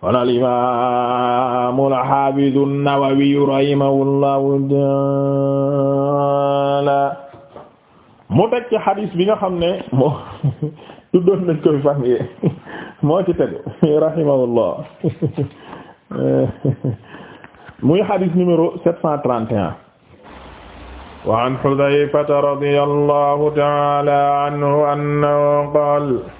kon al-imaam al-haafiz an-Nawawi rahimahullahu ta'aala mu teg ci xadis bi nga xam ne moo tuddoon nañ koy fan yi moo ci tegu rahimahullah muy xadis numéro 731 wa an Hudhayfata radiyallahu ta'aala anhu annahu qaala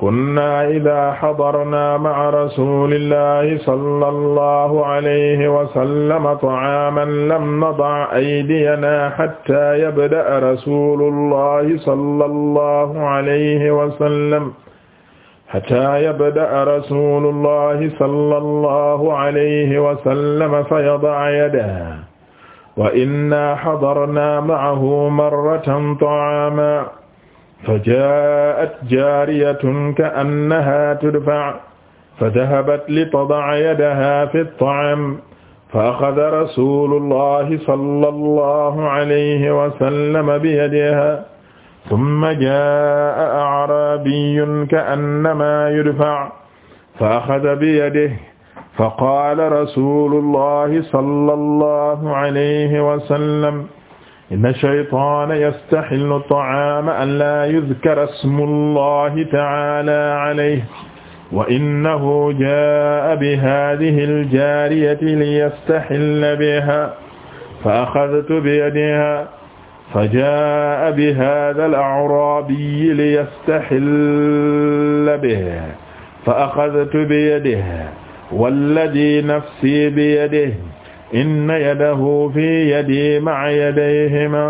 kunna ida xadarna ma'a rasulillahi sallallahu alayhi wa sallam ta'aaman lam nada' aydiyanaa hattaa yabda'a rasulullahi sallallahu alayhi wa sallam hattaa yabda'a rasulullahi sallallahu alayhi wa sallam fayada'a yadahu wa inna xadarna ma'ahu marratan ta'aaman فجاءت جارية كأنها تدفع فذهبت لتضع يدها في الطعام فأخذ رسول الله صلى الله عليه وسلم بيدها ثم جاء أعرابي كأنما يدفع فأخذ بيده فقال رسول الله صلى الله عليه وسلم inna shaytaana yastaxillu ta'aama an laa yuzkara ismu llahi ta'aala alayhi wa innahu jaa'a bi haadihi aljaariyati liyastaxilla bihaa fa axadtu biyadihaa fa jaa'a bi haadal a'raabiyyi liyastaxilla bihaa fa axadtu biyadihi walladii nafsii biyadihi inna yadahu fi yadi ma'a yadayhima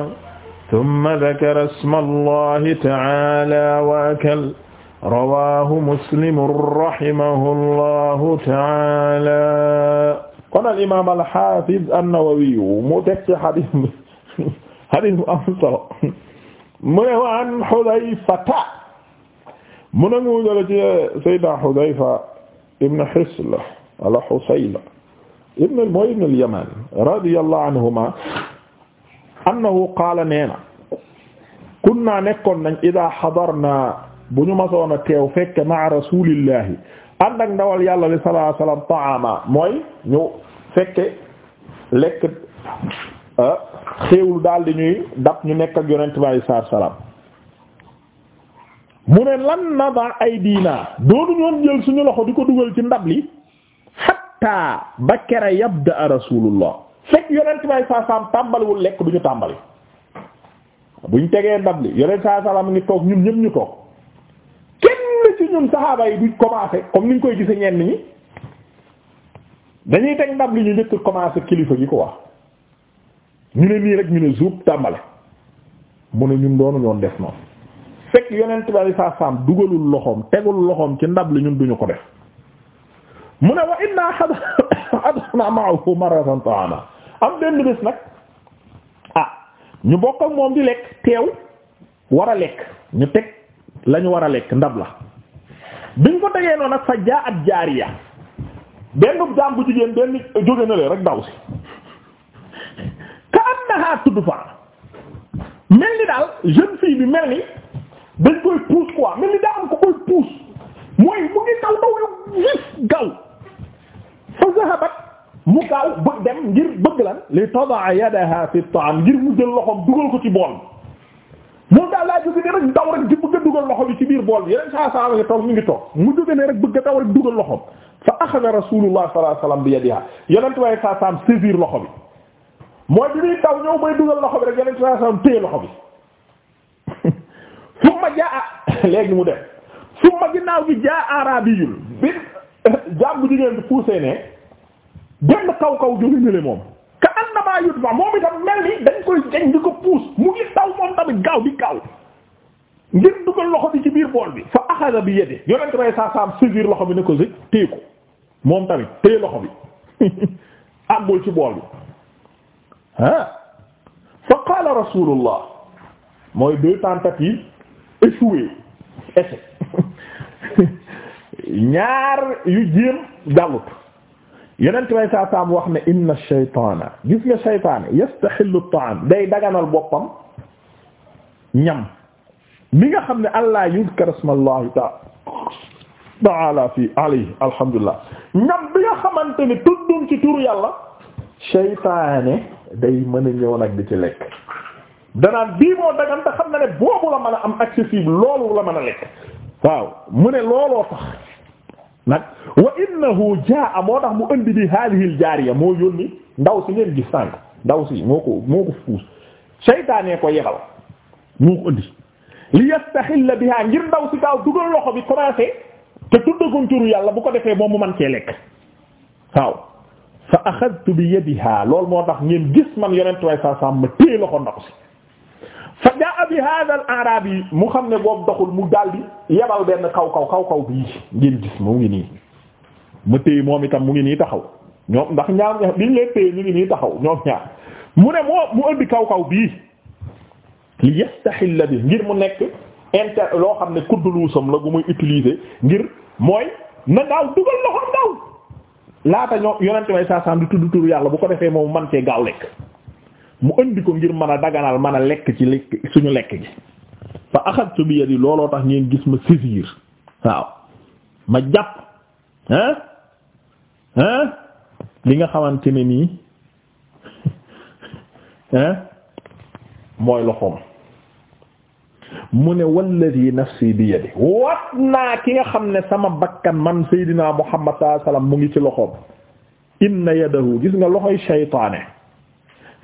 thumma dhakara isma allahi ta'ala wa akala rawahu muslimun rahimahu allahu taala kon al imam alhafiz an-Nawawi mu teg ci hadis bi hadis bu am solo mu ne wa an Hudhayfata mu ne mu jële ci sayyidina Hudhayfa ibn Hisla ala Husayla ibn mooy ibn al-Yaman anhuma annahu qaala neena kunna nekkoon nañ ida xadarna bu ñu masoon a teew fekk ma rasulillahi ànd ak ndawal yàlla li sallallahu alayhi ta'ama mooy ñu fekke lekk ah, xéewlu daal di ñuy dab ñu nekk ak yonent bi alayhi salaam mu ne lan nada ay diina doonu ñoon jël suñu loxo di ko dugal ci ndab li xatta ba kera yabda rasulullah fekk yonent bay saa saam tàmbaliwul lekk du ñu tàmbali buñ tegee ndab li yonent saa saam ngi toog ñun ñëpp ñu toog kenn ci ñun saxaaba yi duñ commencé comme niñ koy gisee ñenn ñi dañuy teg ndab li ñu njëkk commencé kilifa gi ko wax ñu ne nii rek ñu ne zuub tàmbale mu ne ñun doonu ñoon def noonu fekk yonent bay saa saam dugalul loxoom tegul loxoom ci ndab li ñun duñu ko def mu ne wa inna xadna ma'ahu maratan ta'ama am benn bés nag ah ñu bokk ak moom di lekk teew war a lekk ñu teg la war a lekk ndab la biñ ko tegee noonu nag fa jaa at jaariya benn jaam bu jigéen benn eh, jóge na leen rek daw si ka annaha tudfa mel ni daal jeune fille bi mel ni ci lan li tadaa yadaha fi ta'am ngir mu jël loxoom dugal ko ci bool bi moom daal laa jóge ne rek daw rek di bëgg a dugal loxo bi ci biir bool bi yeneen saa saa ngi toog ñu ngi toog mu jóge ne rek bëgg a daw rek dugal loxoom fa axada rasulullah sallallahu alayhi wasallam bi yadiha yonent waaye saa saam saisir loxo bi mooy bi muy daw ñëw bay dugal loxo bi rek yonent saa saam téye loxo bi summa jaa léegi mu def summa ginnaaw gi jaa arabiyul bi jaam bu jigéen bi poussé ne annamaa yudfa moom itam mel ni dañ koy jañ di ko puus mu ngi taw moom tamit gaaw di gaaw ngir dugal loxo bi ci biir bool bi fa axada bi yede yonent bay sa sam saisir loxo bi ne ko sëg téye moom tamit téye loxo bi àggul ci bool bi ah fa qaala rasulullah mooy deux tentatives échouées échec ñaar yu jéem jàllut yenent may saa saam wax ne inna shaytaana gis nga shaytaane yastaxillu ta'am day daganal boppam ñam mi nga xam ne allah yuzkar ismallahi ta'ala fi alayhi alhamdulillah ñam bi nga xamante ni tuddum yàlla shaytaane day mën a ñëw nag ci lekk danaan bii moo dagan te ne boobu la mën am accessible loolu la mën a lekk mu ne looloo tax nag wa innahu jaa amoo tax mu indi bi haadihi al jaariya moo yónni ndaw si ngeen gis sànq ndaw si moo ko moo ko fuus seytaane ko yebal moo ko indi li yastaxilla biha ngir ndaw si gaaw dugal loxo bi commencé te tuddagun turu yàlla bu ko defee moom mu man cee lekk waaw fa axadtu bi yadiha loolu moo tax ngeen gis man yeneen way sa sam ma téye loxo ndaw si jaa bi hada al yi mu xam ne boobu doxul mu daldi yebal benn kaw kaw kaw kaw bii ngeen gis mu ngi nii ma téye moom itam mu ngi nii taxaw ñoom ndax ñaar biñ leen taxaw ñoom mu ne moo mu ëndi kaw kaw bii li yastahilla bi ngir mu nekk inter loo xam ne kuddulusam la gu muy utiliser ngir mooy na gaaw dugal loxoom gaaw laata ñoo yonente may saa sam di tudd tur yàlla bu ko defee moom man cee gaaw lekk mu indi ko ngir mën a daganal mën a lekk ci lekk suñu lekk gi fa axadtu bi yadi looloo tax ngeen gis ma saisir waaw ma jàpp hein li nga xamante ne nii hein mooy loxoom mu ne walladi nafsi bi yadi wat naa ki nga xam ne sama bakkan man seydinaa muhammad sallallahu alayhi wasallam mu ngi ci loxoom inna yadahu gis nga loxoy shaytaane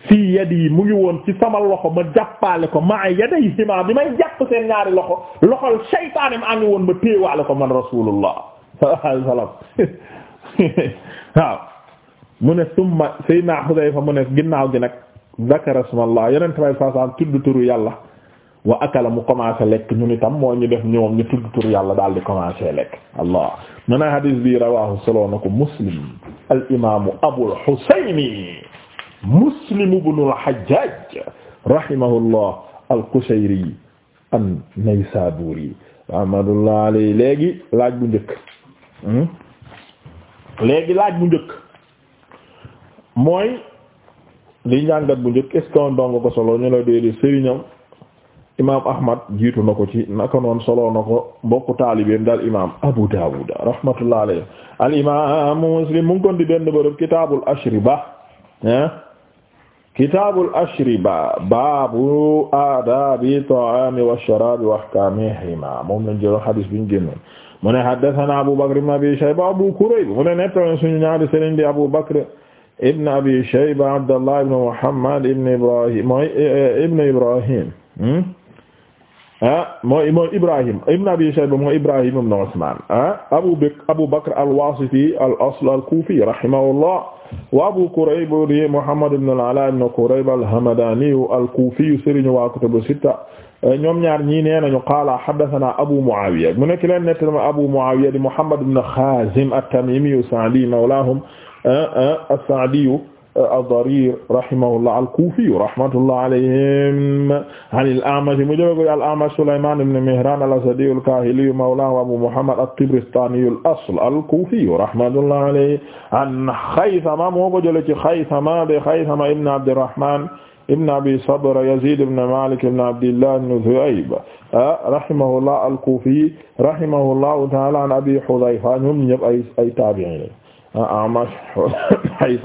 fii yadi mu ngi woon ci sama loxo ma jàppale ko maa yaday hima bi may jàpp seen ñaari loxo loxol shaytaane maa ngi woon ma téewaale ko man rasulullah sallallahu alayhi wasallam waaw mu ne summa sayyidina Hudayfa mu ne ginnaaw gi nag zakara ismallah yonent bay saasan tudd turu yàlla wa akala mu commencé lekk ñun itam moo ñu def ñoom ñu tudd turu yàlla daal di commencé lekk allah mu ne hadis bi rawahu soloona ko muslim al imamu abul husayn Muslim ibn al-Hajjaj al-Qushayri an-Naysaburi rahmatullah léegi laaj bu njëkk hmm? léegi laaj bu njëkk mooy li njàngat bu njëkk est-ce ko solo ñu la déedee sëriñam imam Ahmad jiitu na ko ci naka noon solo na ko mbokku taalibeem daal imam Abu Dawud rahmatullah alayhi al imam Muslim mu kon di benn bërëb kitaabul ashriba ah kitaabul ashriba baabu aadaabi ta'aami wa sharaabi wa ahkaamihimaa moom lañ jëloon xadis bi ñu génnoon mu ne haddasanaa Abu Bakr ibn Abi Shayba Abu Kurayb mu ne nettali suñu ñaari sëriñ di Abu Bakr ibn Abi Shayba Abdallah ibn Muhammad ibn Ibrahim mooy eh, eh, ibn Ibrahim hmm? ah mooy mooy Ibrahim ibn Abi Shayba mooy Ibrahim ibn Usman ah Abu Bakr Abu Bakr al-Wasiti al-asl al-Kufi rahimahullah wa Abu Kurayb di Muhammad ibn al-Ala ibn Kurayb al-Hamadani al-Kufi sëriñ waa kutubu sitta ñoom ñaar ñii nee nañu qaala haddathana Abu Muawiya mu nekk leen nettali Abu Muawiya di Muhammad ibn Khazim at-Tamimi ah, ah, as-Sa'di mawlahum as-Sa'di ad-Darir rahimahullah al-Kufi rahmatullah alayhim an al-A'mash mu jëlee ko al-A'mash Sulayman ibn Mihran al-Asadi al-Kahili mawlahu Abu Muhammad at-Tabaristani al-asl al-Kufi rahmatullah alayhi an Khaythama moo ko jëlee ci Khaythama de Khaythama ibn Abdirrahman ibn Abi Sabr Yazid ibn Malik ibn Abdillah ibn Dhu'ayb ah, rahimahullah al-Kufi rahimahullahu ta'ala an Abi Hudhayfa ñoom ñëpp ay ay tabi'in ah, A'mash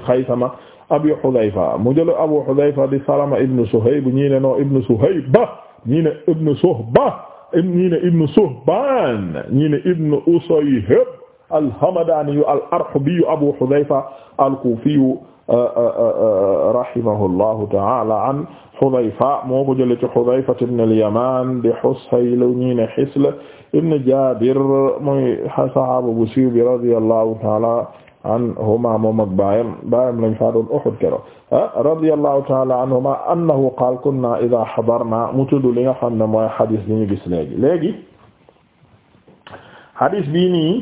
Khaythama abi Hudayfa mu jël abu Hudayfa di Salama ibn Suhayb ñii ne non ibn Suhayba ñii ne ibn Suhba ñii ne ibn Suhban ñii ne ibn Usayhib al-Hamadani al-Arhubi abu Hudayfa al-Kufi uh, uh, uh, rahimahullahu ta'ala an Hudayfa moo ko jëlee ci Hudayfa ibn al-Yaman di Husayl ñii ne Hisl ibn Jabir muy sahaaba bu siiw bi radiyallahu ta'ala anhuma moom ak baayam baayam lañ faa doon Uhud kero ah, radiyallahu ta'ala anhuma annahu qaal kunna idha hadarna mu tudd li nga xam ne mooy hadis bi ñu gis léegi léegi hadis bii nii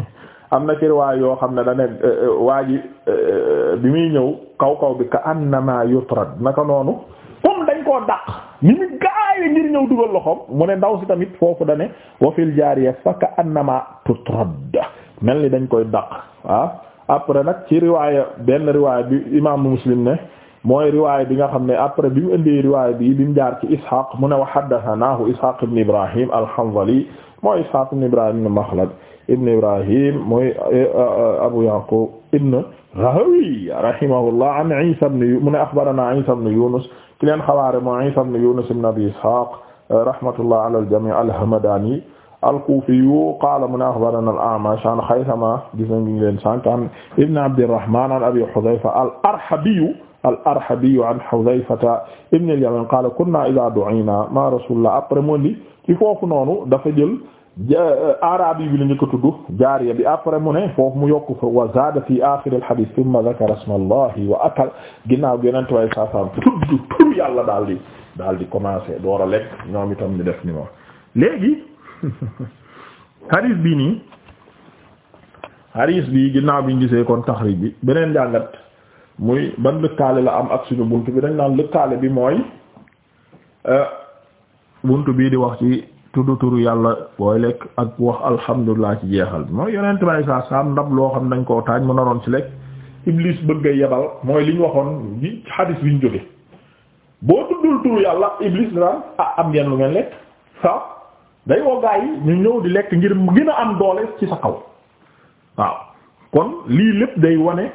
am na ci riwaay yoo xam ne da ne eh, eh, waa ji eh, bi muy ñëw kaw kaw bi ka annama yutrad naka noonu comme dañ koo daq ni ñu gaaye ngir ñëw dugal loxoom mu ne ndaw si tamit foofu da ne wa fil jaariya fa ka annama tutrad mel ni dañ koy daq waaw après nag ci riwaaya benn riwaaya bi imaamu muslim ne mooy riwaaya bi nga xam ne après bi mu indee riwaaya bi bi mu jaar ci ishaq mu ne wa haddathanaahu ishaq ibn ibrahim al-hanzali mooy ishaq ibn ibrahim ibn makhlad ibn ibrahim mooy eh, eh, abu yaqub ibn rahawi rahimahullah an isa ibn mu ne akhbarana isa ibn yunus ki leen xabaare mooy isa ibn yunus ibn abi ishaq eh, rahmatullah ala al-jami' al-hamadani al-Kufiyu qaala mu ne axbarana al-A'mash an Xaysama gis nañ ngi leen sànq an ibn Abdirrahman an Abi Hudayfa al-Arhabiyu al-Arhabiyu an Hudayfata ibn al-Yaman qaala kunna idha du'ina ma rasulullah après moo li ci foofu noonu dafa jël euh, arabi bi la ñu ko tudd jaariya bi après mu ne foofu mu yokk fa wa zaada fi aaxiril hadiis thumma dhakara ismallahi wa akala ginnaaw gi yonent way saa saa tudd tur yàlla daal di daal di commencé door a lekk ñoom itam ñu def ni moom léegi hadis bi nii hadis bi ginnaaw bi ñu gisee kon taxrij bi beneen jàngat muy ban lëkkaale la am ak suñu bunt bi dañ naan lëkkaale bi mooy euh, bunt bii di wax ci tudd turu yàlla booy lekk ak wax alhamdulilah ci jeexal bi mooy yonent may saa saam ndab loo xam dañ koo taaj mu naroon ci lekk iblis bëgg a yebal mooy liñ waxoon ci ah, lu ngeen lekk day woo yi ñu ñëw di lekk ngir gën a am doole ci sa kaw waaw kon lii lépp day wane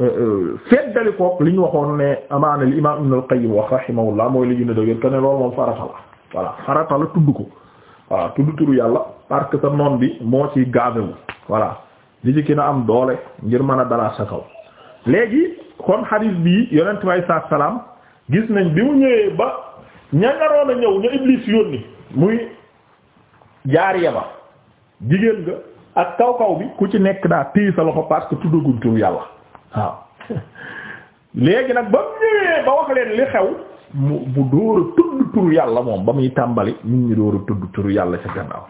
euh, euh, feddali kook li ñu waxoon ne amaana li imaam Ibn al wax rahimahullah mooy li gën a dëgër te ne moom farata la voilà farata la tudd ko voilà tudd turu yàlla parce que sa noon bi moo ci gaabewu voilà li ci gën a am doole ngir mën a dalaat sa kaw léegi kon hadith bi yonent bi saa salaam gis nañ bi mu ñëwee ba ña naroon a ñëw ña Iblis yónni muy jaariya ba jigéen nga ak kaw kaw bi ku ci nekk daa téye sa loxo parce que tuddaguñ turu yàlla waaw léegi nag ba mu ñëwee ba wax leen li xew mu bu door a tudd yàlla moom ba muy tàmbali nit ñi door a tudd yàlla ci gannaaw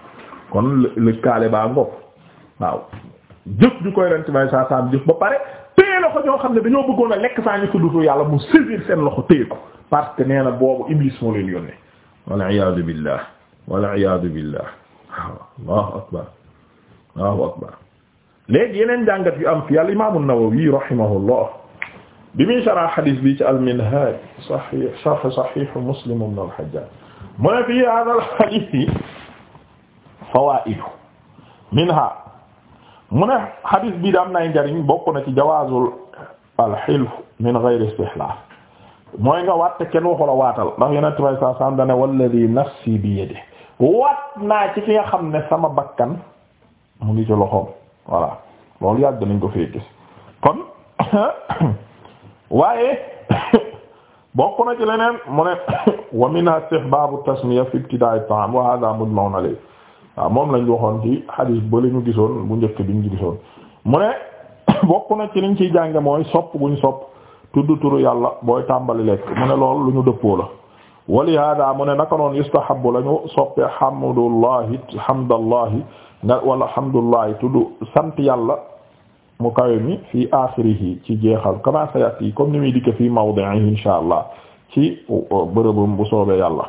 kon le kaale baa ngopp waaw jëf ju koy rent may saa saam jëf ba pare téye loxo ñoo xam ne dañoo bëggoon a lekk saa ñu tudd turu yàlla mu saisir seen loxo téye ko parce que nee na boobu iblis moo leen yónnee wal waaw allahu akbar allahu akbar léegi yeneen jàngat yu am fi al imam an-Nawawi rahimahullah bi muy sharh hadith bi ci al-Minhaj sahih sharh sahih Muslim ibn al-Hajjaj mu ne fi hadha al-hadith fawaa'id minha mu ne hadith bi da am nay njariñ bokk na ci jawaazul al-hilf min ghayri istihlaf mooy nga watte kenn waxu la waatal ndax yeneen tubaab yi saa saa am da ne walladhi nafsi bi yadihi waat naa ci ki nga xam ne sama bakkan mu ngi ci loxoom voilà loolu yàgg nañ ko fee gis kon waaye bokk na ci leneen mu ne wa minha istihbaabu tasmiya fi ibtidaa'i ta'aam wa haaza mujma'un alayhi waaw moom lañ waxoon ci xadiis ba li ñu gisoon bu njëkk bi ñu gisoon mu ne bokk na ci liñ ciy jànge mooy sopp guñ sopp tudd turu yàlla booy tàmbali lekk mu ne loolu lu ñu dëppoo la walihada mu ne naka noon yustahabu la ñu soppe hamdullahi hamdallahi nga wala hamdullahi tudd sant yàlla mu kawe mi fii axirihi ci jeexal kama sayati comme ni muy dikke fii mawdi'ihi insha allah ci bërëbam bu soobee yàlla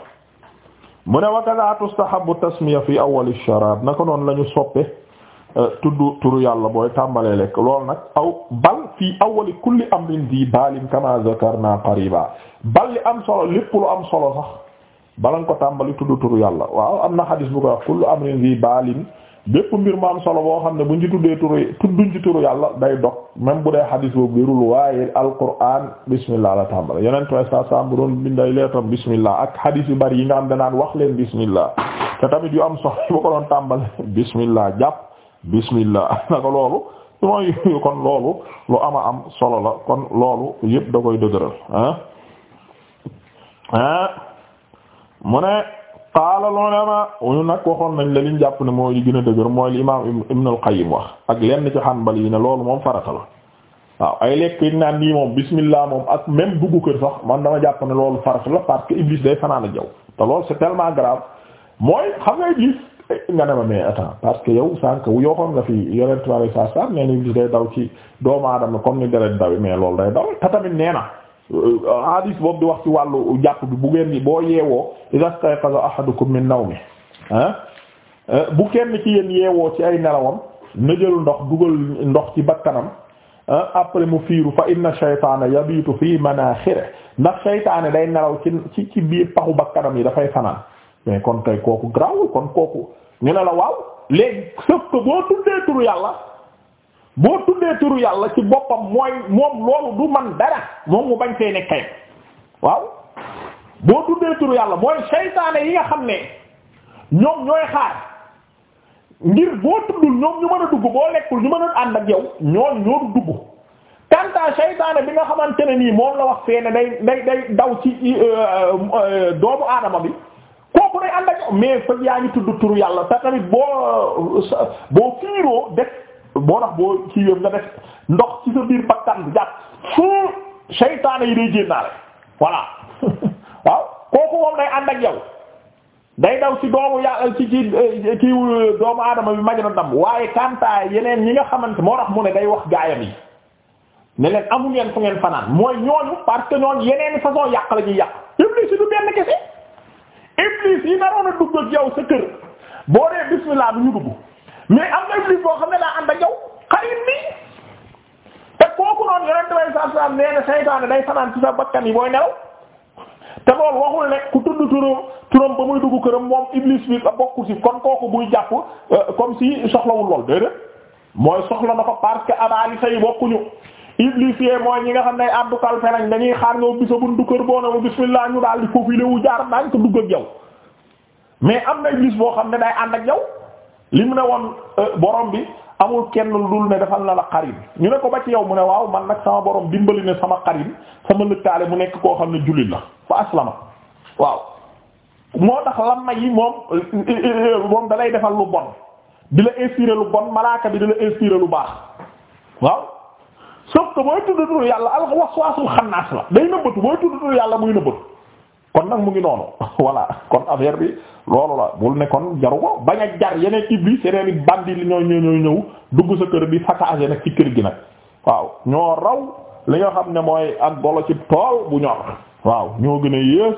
mu ne wakada tustahabu tasmiya fi awwal ash-sharab naka noon la ñu soppe Euh, tudd turu yàlla booy tàmbalee lekk lool nag aw bal fii awali kulli amrin di baalin kama zakarna qariba bal li am solo lépp lu am solo sax bala ko tàmbali tudd turu yàlla waaw am na xadis bu ko wax kullu amrin baalin bépp mbir mu am solo boo xam ne bu ci tuddee turu tudduñ ci turu yàlla day dog même bu dee xadis boobu wérul waaye alquran bismillah la tàmbale yeneen way sa sam bu doon binday leetam bismillah ak xadis yu bari yi nga am danaan wax leen bismillah te tamit yu am solo bu ko doon jàpp bismillah naka loolu mooy kon loolu lu ama am solo la kon loolu yëpp da koy dëgëral ah ah mu ne qaala ulama ñu nag waxoon nañ la liñ jàpp ne mooy li gën a dëgër mooy li imaam Ibn al-Qayyim wax ak lenn ci Hanbali yi ne loolu moom farata la waaw ay lekk yi naan nii moom bismillah moom ak même dugg kër sax man dama jàpp ne loolu farata la parce que Iblis day fanaan a jaw te loolu c'est tellement grave mooy xam nga Iblis nga ne ma mais attends parce que yow sànq yoo xam nga fi yonent bi alayhi salaatu nee na Iblis day daw ci doomu aadama comme ni deret dawi mais loolu day daw te tamit nee na euh, euh, hadis boobu di wax ci wàllu jàpp bi bu ngeen di boo yeewoo idha stayqaza ahadukum min mi ah euh, bu kenn ci yéen yeewoo ci ay nelawam na jël ndox dugal ndox ci bakkanam après mu fiiru fa inna shaytaana yabiitu fii manaaxirihi ndax shaytaane day nelaw ci ci ci biir paxu bakkanam yi mais kon kay kooku grawul kon kooku ñu ne la waaw léegi sauf que boo tuddee turu yàlla boo tuddee turu yàlla ci boppam mooy moom loolu du man dara moom mu bañ fee kay waaw boo tuddee turu yàlla mooy seytaane yi nga xam ne ñoom ñooy xaar ngir boo tuddul ñoom ñu mën a dugg boo lekkul ñu mën a ànd ak yow ñoo ñoo du dugg kanta seytaane bi nga xamante ne nii moom la wax fee ne day day day daw ci euh, euh, doomu aadama bi kooku day ànd ak mais fëg yaa ngi tudd turu yàlla te tamit boo boo fiiroo def boo tax boo kiiwéem nga def ndox ci sa biir bakkan bi jàpp fu seytaane yi day génnaale voilà waaw kooku moom day ànd ak yow day daw ci doomu yàlla ci ci eh, kiiw doomu aadama bi maj na dam waaye kantaa yeneen ñi nga xamante moo rax mu ne day wax gaayam yi ne leen amu ngeen fu ngeen fanaan mooy ñooñu parce que ñooñu yeneen façon yàq la ñuy yàq iblis du benn kese iblis yi naroon a dugg ak yow sa kër boo dee bismillah bi ñu dugg mais am nga iblis boo xam ne daa ànd ak yow xarit bi te kooku noonu yonent bay saa saa nee na saytaane day fanaan ci sa bakkan yi booy nelaw te loolu waxul ne ku tudd turam turam ba muy dugg këram moom iblis bi la bokku ci kon kooku buy jàpp euh, comme si soxlawul lool déedéet mooy soxla na ko parce que abaali say bokkuñu iblis yee mooy ñi nga xam ne àddukal feneen dañuy xaar nga ubbi sa buntu kër boo ne bismillah ñu daal di faofile wu jaar daañ ko dugg ak yow mais am na iblis boo xam ne day ànd ak yow li mu ne woon euh, borom bi amul kenn lu dul ne defal na la xarin ñu ne ko ba ci yow mu ne waaw man nag sama borom dimbali ne sama xarin sama lëkkaale mu nekk koo xam ne jullit la fa aslama waaw moo tax lamma yi moom euh, moom da defal lu bon di la inspiré lu bon malaaka bi di la lu baax sauf que booy tudd yàlla al waswaasul xannaas la day nëbbatu booy tudd turu yàlla muy nëbbatu kon nag mu ngi noonu voilà kon affaire bi loolu la bul ne kon jaru ko bañ a jar yeneen iblis yeneen i bandi li ñoo ñoo ñëw dugg sa kër bi saccagé nag ci kër gi nag waaw ñoo raw li nga xam ne mooy ak golo ci tool bu ñor waaw ñoo gën a yées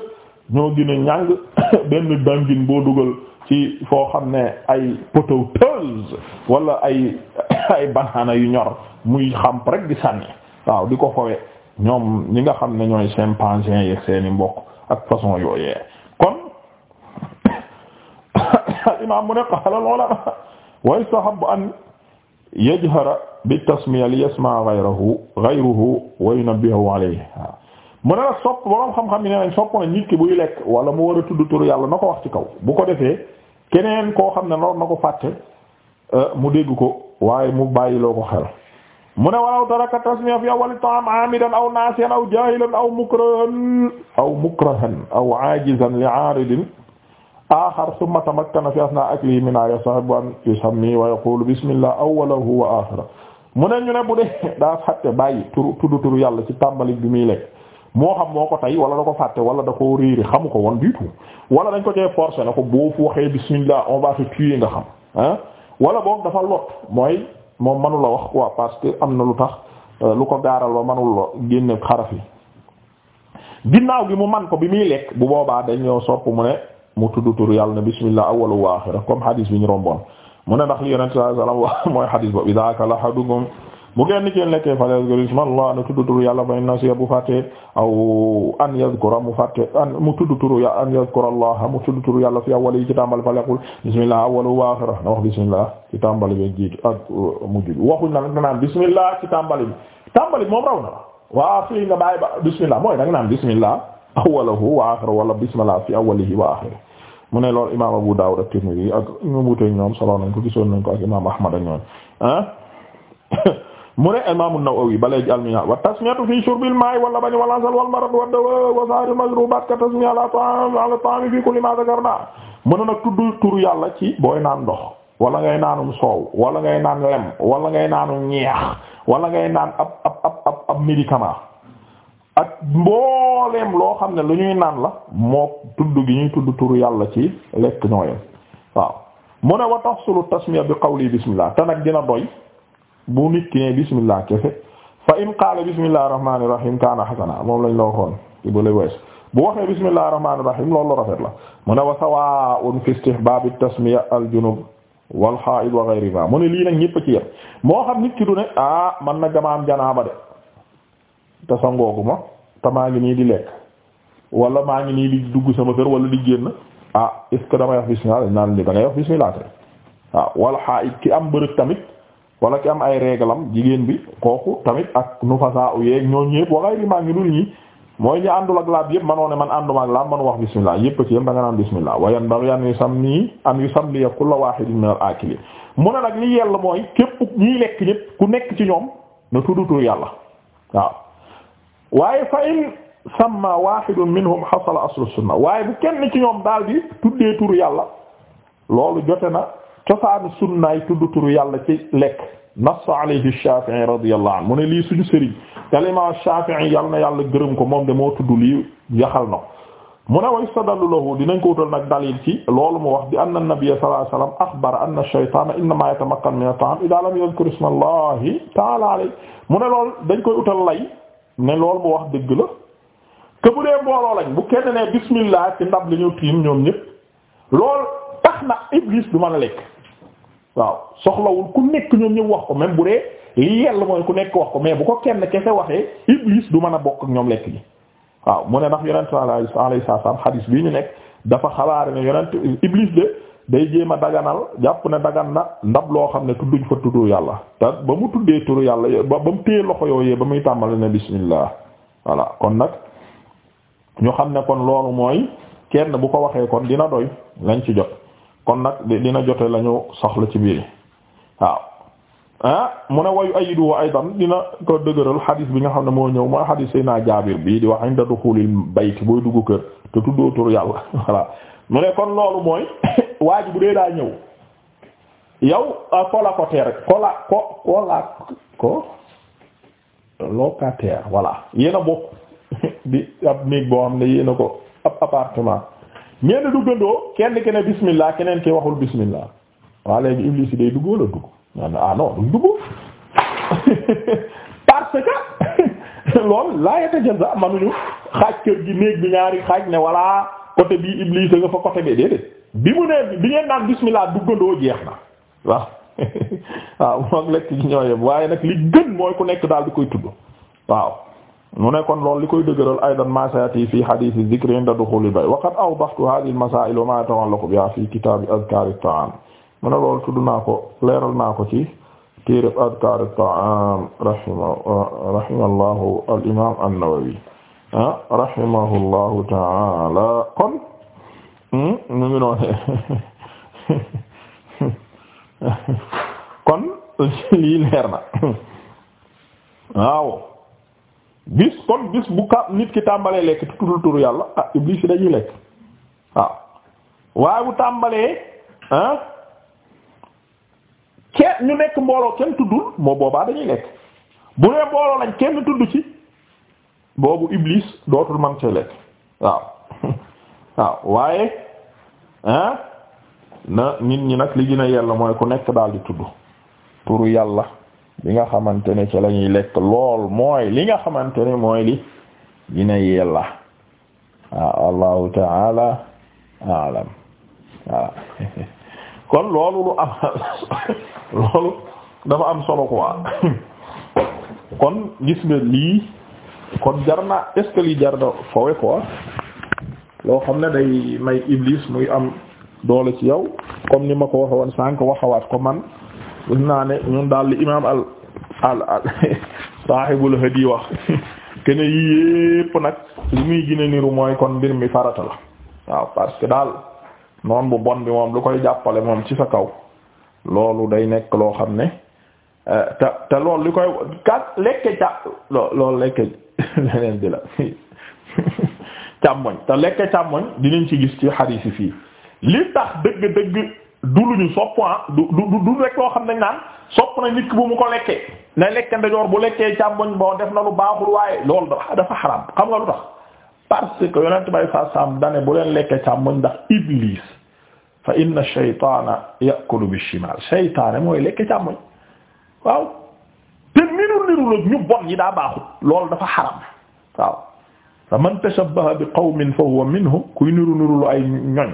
ñoo gën a ñàng benn dangin boo dugal ci foo xam ne ay poteau wala ay ay banaana yu ñor muy xam rek di sànni waaw di ko fowe ñoom ñi nga xam ne ñooy seen chimpanzés yi seeni mbokk ak façon yooyee kon imaam mu ne qaala al-ulama wa yustahabbu an yajhara bitasmiya li yasma ghayruhu ghayruhu wa yunabbihu alayhi mu ne la sopp boroom xam-xam yi ne nañ sopp na nit buy lekk wala mu war a tudd turu yàlla na ko wax ci kaw bu ko defee keneen koo xam ne noonu na ko fàtte euh, mu dégg ko waaye mu bàyyiloo ko xel mu ne walaw taraka tasmiya fi awwal ta'am amidan aw nasiyan aw jahilan aw mukrahan aw mukrahan aw ajizan li aridin akhar thumma tamakkana fi asna aklihi minha yasahibu an yusammi wa yaqulu bismillah awwalahu wa akhira mu ne ñu ne bu dee daa fàtte bàyyi turu tudd turu yàlla ci tàmbali bi mi lekk moo xam moo ko tey wala da ko fàtte wala da ko réeri xamu ko woon du tout wala dañ ko cee forcer na ko boo waxee bismillah on wala boog dafa lot mooy moom manula wax quoi parce que am na lu tax euh, lu ko gaaral ba manula génne xaraf yi ginnaaw gi mu man ko bi muy lekk bu boobaa dañoo sopp mu ne mu tudd tur yàlla ne bismillah awwalu wa axira comme hadis bi ñu romboon mu ne ndax li yonent sallallahu alayhi wasallam wax mooy hadis ba idaa akala ahadukum bu ngeen ni ci nekkee fala yazkuru na tudd turu yàlla fa nasiya bu fàttee aw an yazkura mu fàtte an mu tudd turu ya an yazkura Allah mu tudd turu yàlla fi awwal yi ci tàmbali fal yaqul bismillah awwalu wa akhira na wax bismillah ci tàmbali bi jiitu ak uh, mujj tàmbali bi moom raw na waa fii nga bàyyi ba bismillah mooy da nga naan bismillah awwalahu wa akhira wala bismillah fi awwalihi wa akhira mu ne loolu imaam Abu Dawud ak Tirmidhi ak wuute ñoom solo nañ ko gisoon nañ ko ak imaam mu ne imaamu Nawawi ba léegi almiya wa tasmiyatu fi shurbil maa'i wala bani wala asal wal marad wa dawa wa sa'ir masrubat fi kulli ma dhakarna mën na nag tudd turu yàlla ci booy naan ndox wala ngay naanum soow wala ngay naan lem wala ngay naanum ñeex wala ngay naan ab ab ab ab ak mbooleem loo xam ne lu ñuy naan la moo tudd gi ñuy tudd turu yàlla ci lekk ñooyam waaw mu ne wa tahsulu tasmiya bi qawli bismillah te nag dina doy bu nit ki ne bismillah kefe fa in qaala bismillahir rahmanir rahim kaana hasana moom lañ la waxoon ci bu lay wees bu waxee bismillahir rahmanir rahim loolu rafet la mu ne wa sawaa'un fi istihbab at-tasmiya al-junub wal haa'id wa ghayriha mu ne lii nag ñëpp ci yem moo xam nit ki du ne ah man na gama am janaaba de te sangooguma te maa ngi nii di lekk wala maa ngi nii di dugg sama kër wala di génn ah est ce damay wax bismillah te waaw wal haa'id ki am bërëg tamit wala ki am ay réglam jigéen bi kooku tamit ak nu fasaa u yeeg ñooñu yëpp waxay rimaa ngi dul ñi mooy ñi àndul ak laab yëpp manoo man ànduma ak laab manu wax bismillah yëpp a ci yëpp da nga naan bismillah wayan bax yan yu sam nii am yu sam liya kulla wahidin min al akili mu ne nag li yell mooy képp ñiy lekk ñëpp ku nekk ci ñoom na tuddutur yàlla waaw waaye fa in samma wahidun minhum hasala aslu sunna waaye bu kenn ci ñoom daal di tuddee tur yàlla loolu jote cofaanu sunnaay tudd turu yàlla ci lekk nass alayhi Shafi'i radiyallahu anhu mu ne lii suñu sëriñ al imam Shafi'i yàlla na yàlla gërëm ko moom de moo tudd lii na mu ne way stadallu lahu dinañ ko wutal nag dalil ci loolu mu wax bi anna nabiyya sallallahu alayhi wasallam akhbara anna ash-shaytana innama yatamakkanu min at-ta'am idha lam dañ koy utal lay ne loolu mu wax dëgg la que bu dee mbooloo lañ bu kenn ne bismillah ci li ñu tiim ñoom ñëpp lool tax na iblis du mën a lekk waaw soxlawul ku nekk ñoom ñëpp wax ko même bu dee li yell mooy ku nekk wax ko mais bu ko kenn kese waxee iblis du mën a bokk ak ñoom lekk gi waaw mu ne ndax yonent sallallahu alayhi wasallam hadis bii ñu nekk dafa xabaar ne yonent iblis de day jéem a daganal jàpp ne dagan na ndab loo xam ne tudduñ fa tuddu yàlla te ba mu tuddee turu yàlla ba mu téye loxo yooyee ba muy tàmbali ne bismillah voilà kon nag ñu xam ne kon loolu mooy kenn bu ko waxee kon dina doy lañ ci jot. kon nag dina jote la soxla ci biir waaw ah mu ne wayu ayidu wa aydan dina ko dëgëral xadis bi nga xam ne moo ñëw mooy xadis naa jaabir bii di wax inda duxulil bayt booy dugg kër te tuddoo tur yàlla voilà mu ne kon loolu mooy waa bu dee daa ñëw yow ah, colocataire rek cola ko cola ko locataire voilà yéen a bokk di ab néeg boo xam ne yéen a ko ab appartement ñenn duggandoo kenn ki ne bismillah keneen ki waxul bismillah waa léegi iblis yi day dugg wala dugg naan ah non duñ dugg parce que loolu laa yatajaza manuñu xaaj kër gi néeg bi ñaari xaaj ne voilà côté bi iblis nga fa côté bi déedéet bi mu nee bi ngeen naan bismillah duggandoo jeex na waaw waaw moom lekk gi ñooyem waaye nag li gën mooy ku nekk daal di koy tudd waaw mu ne kon loolu li koy dëgëral aydan ma sayati fi hadith adh-dhikr inda dukhul bay wa qad awdahtu hadhihi ma yata'allaqu biha fi kitab adhkar at-ta'am mu ne loolu tudd naa ko leeral naa ko ci taam rahima rahimallahu al ta'ala kon ñu hmm, ngi kon lii leer kon bis bu ka nit ki tàmbalee lekk te tuddul turu yàlla ah iblis yi dañuy lekk waaw waaye bu tàmbalee ah kenn ñu nekk mbooloo kenn tuddul moo boobaa dañuy lekk bu nee mbooloo lañ kenn tudd ci boobu iblis dootul man see lekk waaw waaye ah na nit ñi nag li gën a yella mooy ku nekk daal di tudd turu yàlla li nga xamante ne ci la ñuy lekk lool mooy li nga xamante ne mooy li dina yella waaw ah, allahu taala alam waaw ah. kon loolu lu am loolu dafa am solo quoi kon gis nga lii kon jar na est-ce que jar na fowe quoi loo xam ne day may iblis muy am doole ci yow comme ni ma ko waxe woon sànq waxawaat ko man gis naa ne ñun daal li imaam al al al sahibul hadi wax kene yii yépp nag li muy gën a niru mooy kon mbir mi farata la waaw parce que daal noon bu bon bi moom lu koy jàppale moom ci sa kaw loolu day nekk loo xam ne eh, te te loolu li koy kat lekke ca loolu lekke leneen bi la càmmoñ te lekke càmmoñ dinañ ci gis ci xadiis yi fii li tax dëgg-dëgg du luñu sopp ah du xam nañ naan sopp na nit ki bu mu ko lekkee na lekke ndajoor bu lekkee càmmoñ boo def na lu baaxul waaye loolu dafa xaram xam nga lu tax parce que yonent dane bu leen lekke càmmoñ ndax iblis fa inna shaytaana ya'kulu bishimal shaytaane mooy lekke càmmoñ waaw te niru niru la ñu bon yi daa baaxul loolu dafa xaram waaw fa man bi qawmin fa huwa minhum kuy niru niru lu ay ñoñ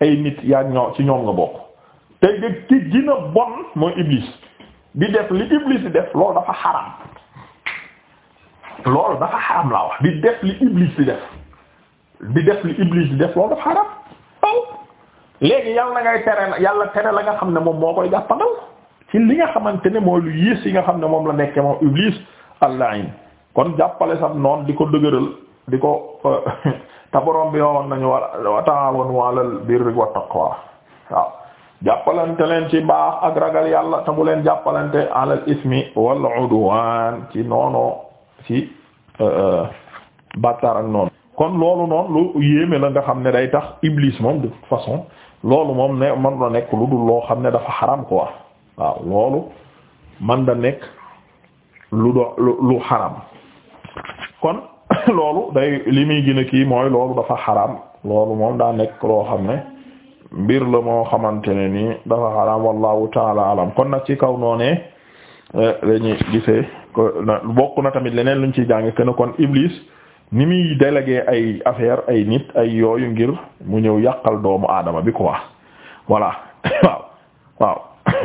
ay nit yaa ñoo ci ñoom nga bokk te nga ki gën a bon mooy iblis di def li iblis di def loolu dafa xaram loolu dafa xaram laa wax di def li iblis di def di def li iblis di def loolu dafa xaram waaw léegi yàlla na ngay tere yàlla tere la nga xam ne moom moo koy jàppanal ci li nga xamante ne mooy lu yées yi nga xam ne moom la nekkee moom iblis allah kon jàppale sax noon di ko dëgëral di ko euh, te borom bi yowoon nañu wa ta'awanu 'alal birri wat taqwa waaw jàppalante leen ci baax ak yàlla te leen jàppalante 'alal ismi wal 'udwan ci noono ci euh, euh, bàkkaar ak kon loolu noonu lu yéeme la nga xam ne day tax iblis moom de toute façon loolu moom ne man da nekk lu dul loo xam ne dafa xaram quoi waaw loolu man da nekk lu do lu xaram kon loolu day li muy gën a kii mooy loolu dafa xaraam loolu moom daa nekk loo xam ne mbir la moo xamante ne nii dafa xaraam wallahu taala kon nag ci kaw noone eh, la ñuy gisee bokk na tamit leneen luñ ciy jàng que ne kon Iblis ni muy délégué ay affaire ay nit ay yooyu ngir mu ñëw yàqal doomu aadama bi ko voilà waaw waaw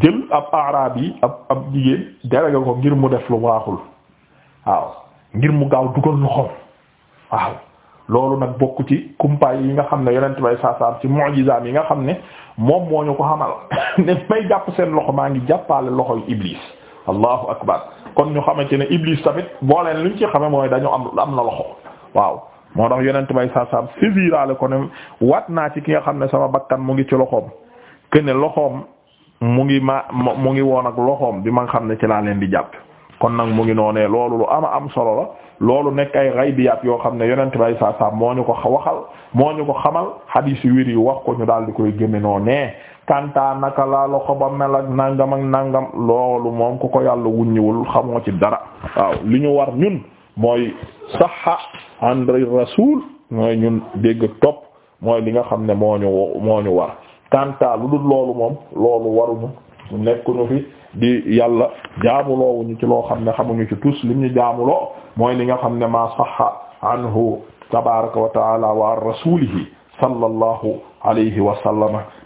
jël ab araab yi ab ab jigéen délégué ko ngir mu def lu baaxul waaw. ngir mu gaaw dugal loxoom waaw loolu nag bokk ci kumpaay yi nga xam ne yonent bay saasaam ci mu'jizaam yi nga xam ne moom moo ñu ko xamal ne may jàpp seen loxo maa ngi jàppaale loxoy iblis allahu akbar kon ñu xamante ne iblis tamit boo leen luñ ci xame mooy dañu am am na loxo waaw moo tax yonent bay saasaam saisiraale ko ne waat naa ci ki nga xam ne sama bakkan mu ngi ci loxoom kene loxoom mu ngi ma mu mu ngi woon ak loxoom bi ma xam ne ci laa leen di jàpp kon nag mu ngi noonee loolu lu ama am solo loolu nekk ay gaybiyaat yoo xam ne yonent baay saa saa moo ñu ko waxal moo ñu ko xamal hadis yu wér yi wax ko ñu daal di koy génne noonee kantaa naka laa loxo ba mel nangam ak nangam loolu moom ku ko yàlla wuññiwul xamoo ci dara waaw li ñu war ñun mooy saxa an rasul mooy ñun dégg topp mooy li nga xam ne moo ñu moo ñu war kantaa lu dul loolu moom loolu waruñu nekkuñu fi di yàlla jaamuloowuñu ci loo xam ne xamuñu ci tus lim ñu jaamuloo mooy li nga xam ne maa saxa anhu tabaraka wa taala wa an rasulihi sallallahu alayhi wa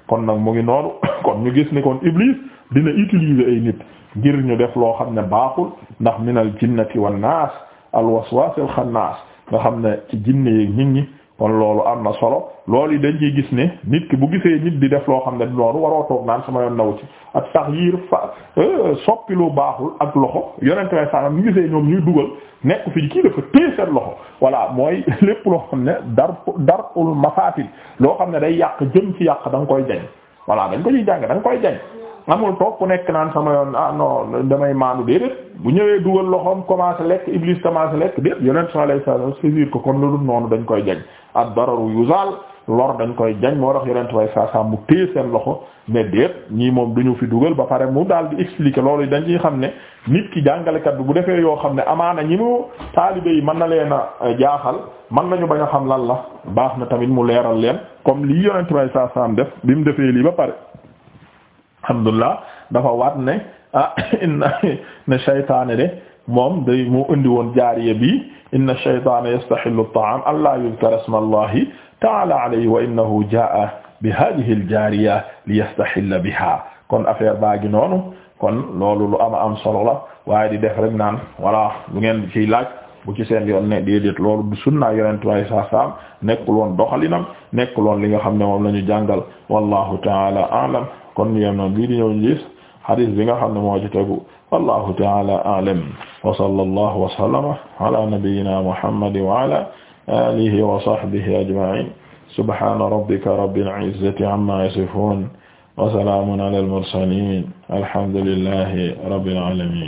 kon nag mu ngi noonu kon ñu gis ni kon iblis dina utiliser ay nit ngir ñu def loo xam ne baaxul ndax minal jinnati wan naas al waswaas al xannaas nga xam ne ci jinne yi nit ñi kon loolu am na solo loolu yi dañ ciy gis ni nit ki bu gisee nit di def loo xam ne loolu waroo toog naan sama yoon naw ci ak tax yiir fa euh, soppi lu baaxul ak loxo yonent way sànam ñu gisee ñoom ñuy dugal nekk fi kii dafa téye seen loxo voilà mooy lépp loo xam ne dar darul mafatil loo xam ne day yàq jëm ci yàq da nga koy jañ voilà dañ ko ciy jàng da koy jañ amul toog ku nekk naan sama yoon ah non damay maanu déedéet bu ñëwee dugal loxoom commencé lekk iblis commencé lekk déet yonent sallallahu alayhi wasallam saisir ko kon loolu dañ koy jañ ak dararu yuzaal lor dañ koy jañ moo tax yonent way saa saa mu téye loxo ne ñii moom duñu fi dugal ba pare mu daal di expliquer loolu dañ ciy xam ne nit ki jàngalekat bi bu defee yoo xam ne na ñi mu taalibe yi man na leen a eh, jaaxal mën nañu bañ a xam lan la baax na tamit mu leeral leen comme lii yonent way saa saa def bi mu defee lii ba pare. alhamdulillah dafa waat ne ah ne shaytaane de moom day moo indi woon jaariya bi inna shaytaana yastahillu at-ta'aam allaa yuzkara ismu allahi ta'aala alayhi wa innahu bi kon affaire gi noonu kon loolu lu ama am solo la waaye di def rek naan voilà lu ngeen ciy laaj bu ci seen yoon ne déedéet loolu du sunnaa yonent waaye saa saam nekkul doxalinam li nga xam ne moom la ñu jàngal wallahu ta'aala a'lam kon ñu yem noonu bii di ñëw gis hadith bi nga xam ne moo ci tegu wallahu ta'ala a'lam wa sallallahu wa sallama ala nabiyyina muhammad wa ala alihi wa sahbihi ajma'in subhana rabbika rabbil izzati amma yasifun wa salamun ala al mursalin alhamdulillahi rabbil alamin